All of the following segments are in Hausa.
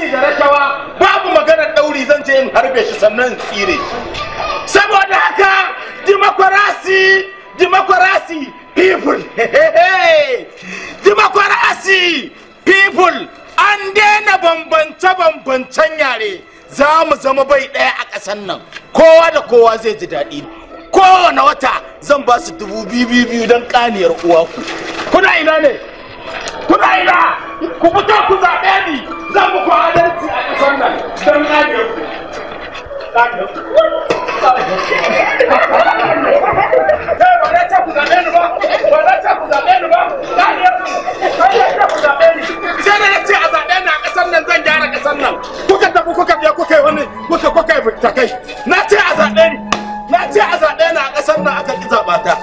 hanci da rashawa babu maganar ɗauri zan je in harbe shi sannan tsire saboda haka dimokwarasi dimokwarasi people dimokwarasi people an daina bambance-bambancen yare za mu zama bai ɗaya a ƙasan nan kowa da kowa zai ji daɗi kowane wata zan ba su dubu biyu biyu don ƙaniyar uwa ku kuna ina ne kuna ina ku fito ku zaɓe ni zan muku adalci a ƙasar nan don rage kuka tafi kuka je kuka yi wani kuka kuka yi kai? na ce a zaɓe ni na ce a zaɓe ni a ƙasar nan aka ƙi zaɓa ta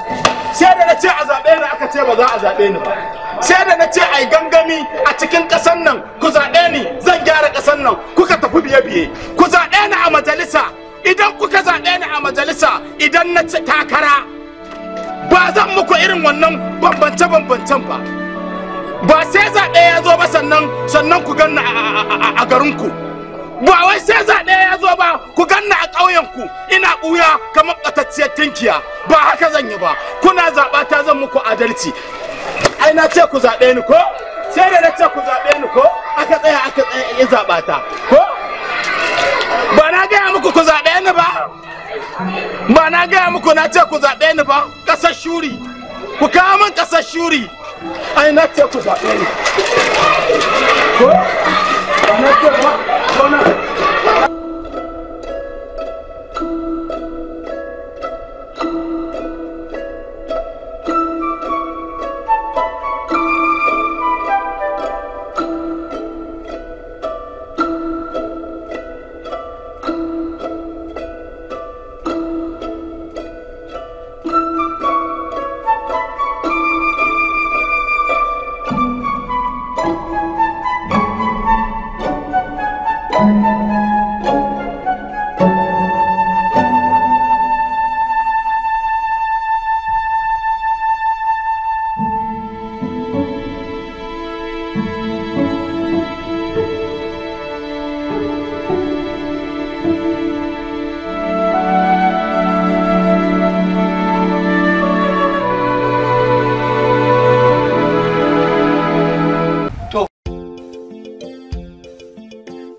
sai da na ce a zaɓe ni aka ce ba za a zaɓe ni ba sai da a gangami a cikin ƙasar nan ku zaɓe ni zan gyara ƙasar nan kuka tafi biye-biye ku zaɓe ni a majalisa idan kuka zaɓe ni a majalisa idan na ci takara ba zan muku irin wannan bambance-bambancen ba ba sai zaɓe ya zo ba sannan sannan ku ganna a garinku ba wai sai zaɓe ya zo ba ku ganna a ƙauyen ku ina buya kamar ɓatacciyar tinkiya ba haka zan yi ba kuna zaɓa ta zan muku adalci ai na ce ku zaɓe ni ko sai da na ce ku zaɓe ni ko aka tsaya aka tsaya in zaɓa ta ko ba na gaya muku ku zaɓe ni ba ba na gaya muku na ce ku zaɓe ni ba ƙasar shuri ku kawo min ƙasar shuri ai na ce ku zaɓe ni